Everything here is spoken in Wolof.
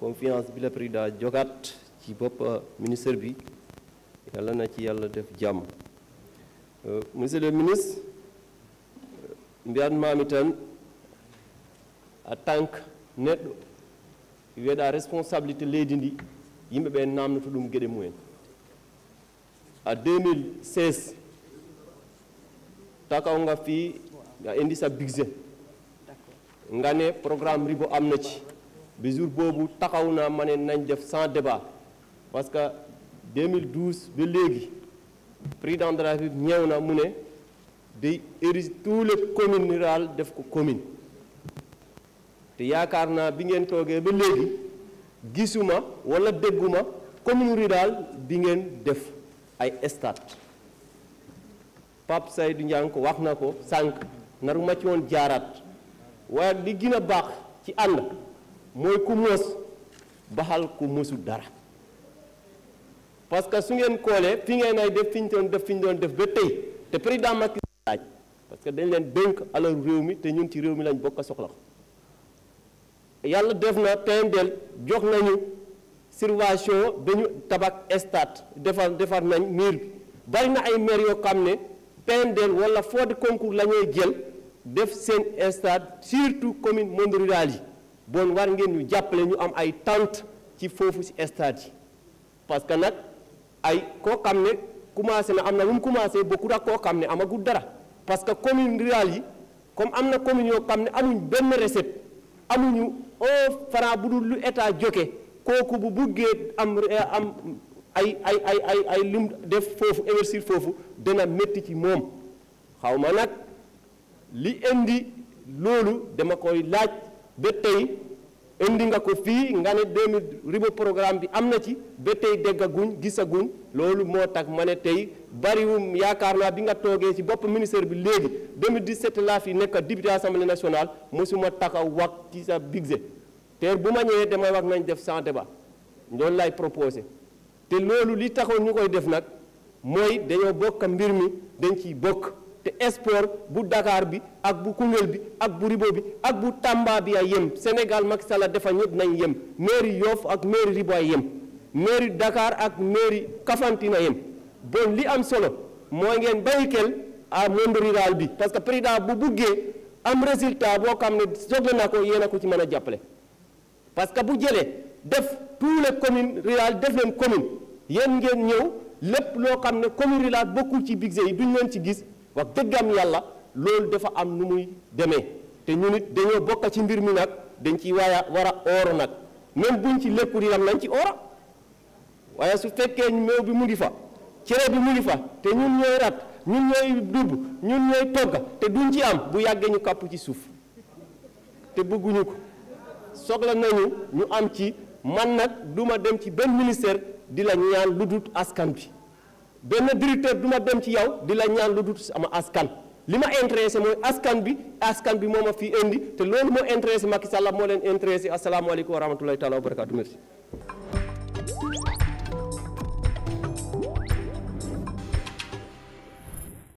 confiance bi la président jogaat ci bopp euh, ministère bi yàlla na ci yàlla def jàmm euh, monsieur le ministre euh, mbiyatmami tànk a tank neɗɗo wiyeɗa responsabilité leydi ndi yimɓe ɓe namnoto ɗum gueɗe mumen a 2016 nga fi a indi sa budget ngane programme ribo amna ci bi jour boobu taxaw naa ma ne nañ def sans débat parce que 2012 ba léegi président de la République na mu ne day érige tous les communes rurales def ko commune te yaakaar naa bi ngeen toogee ba léegi gisuma wala dégguma commune rurale bi ngeen def ay stade Pape Seydou Ndiang ko wax na ko sànq naruma ci woon jaaraat waaye li gën a baax ci ànd mooy ku mës baxal ku mësu dara parce que su ngeen koolee fi ngeen ay def fi ñu doon def fi ñu doon def ba tey te président Macky laaj parce que dañ leen dénk alalu réew mi te ñun ci réew mi lañ bokk a soxla yàlla def na PMDL jox nañu survation dañu tabak state defar defar nañ miir bi bari na ay maire yoo xam ne PMDL wala foo de concours la ñuy jël def seen stade surtout commune monde rural yi bon war ngeen ñu jàppale ñu am ay tente ci foofu ci stade yi parce que nag ay koo xam ne commencé na am na lu mu commencé bokkul ak koo xam ne amagul dara parce que commune rurale yi comme am na commune yoo xam ne amuñ benn recette amuñu un franc bu dul lu état joxe kooku bu buggee am ay ay ay lim def foofu investir foofu dana métti ci moom xaw ma nag li indi loolu dama koy laaj. ba tey indi nga ko fii nga ne 2000 ribo programme bi am na ci ba tey déggaguñ gisaguñ loolu moo tax ma ne tey bariwum yaakaar naa bi nga toogee ci bopp ministère bi léegi 2017 laa fi nekk député assemblée nationale mosuma taxaw wax ci sa budget te bu ma ñëwee damay wax nañ def sans débat loolu lay proposé te loolu li taxoon ñu koy def nag mooy dañoo bokk mbir mi dañ ciy bokk. sport bu Dakar bi ak bu Koungheul bi ak bu Ribo bi ak bu Tamba bi ay yem Sénégal Macky Sall dafa ñëpp nañ yem mairie Yoff ak mairie Ribo ay yem mairie Dakar ak mairie Kafountine ay yem bon li am solo mooy ngeen bàyyi a à monde rural bi parce que président bu buggee am résultat boo xam ne soxla naa ko yéen ko ci mën a jàppale parce que bu jëlee def tous les communes def leen commune yéen ngeen ñëw lépp loo xam ne commune rurale bokkul ci budget yi duñ leen ci gis wax dëggam yàlla loolu dafa am nu muy demee te ñu nit dañoo bokk ci mbir mi nag dañ ci waaya war a nag même buñ ci lekkul itam nañ ci oora waaye su fekkee meew bi mu ngi fa cere bi mu ngi fa te ñun ñooy rat ñun ñooy dubb ñun ñooy togg te duñ ci am bu yàggee ñu kàpp ci suuf te bëgguñu ko soxla nañu ñu am ci man nag duma dem ci benn ministère di la ñaan lu dul askan bi benn directeur du ma dem ci yow di la ñaan lu dul sama askan li ma intéressé mooy askan bi askan bi moo ma fi indi te loolu moo intéressé Macky Sall moo leen intéressé asalaamaaleykum wa rahmatulahi taala wa barakaatu merci